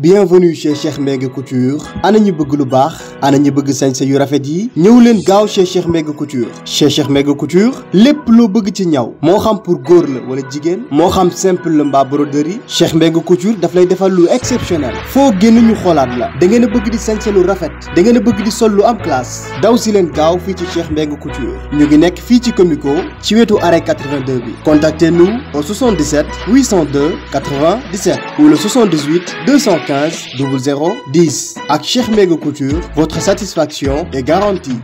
bienvenue chez Cheikh Mengue Couture ana ñu bëgg lu baax ana ñu bëgg sañse yu rafet yi ñëw leen gaaw chez Cheikh Mega Couture chez Cheikh Mega Couture lépp loo bëgg ci ñaw moo xam pour góor la wala jigéen moo xam simple la mbaa broderie Cheikh Mega Couture daf lay defal lu exceptionnel foo génn ñu xoolaat la da ngeen bëgg di sañse lu rafet da ngeen a bëgg di sol lu am classe daw si leen gaaw fii ci Cheikh Mega Couture ñu ngi nekk fii ci Comico ci wetu arrêt 82 bi contactez-nous au 77 802 80 17 ou le 78 215 00 10 ak Cheikh Mega Couture Votre satisfaction est garantie.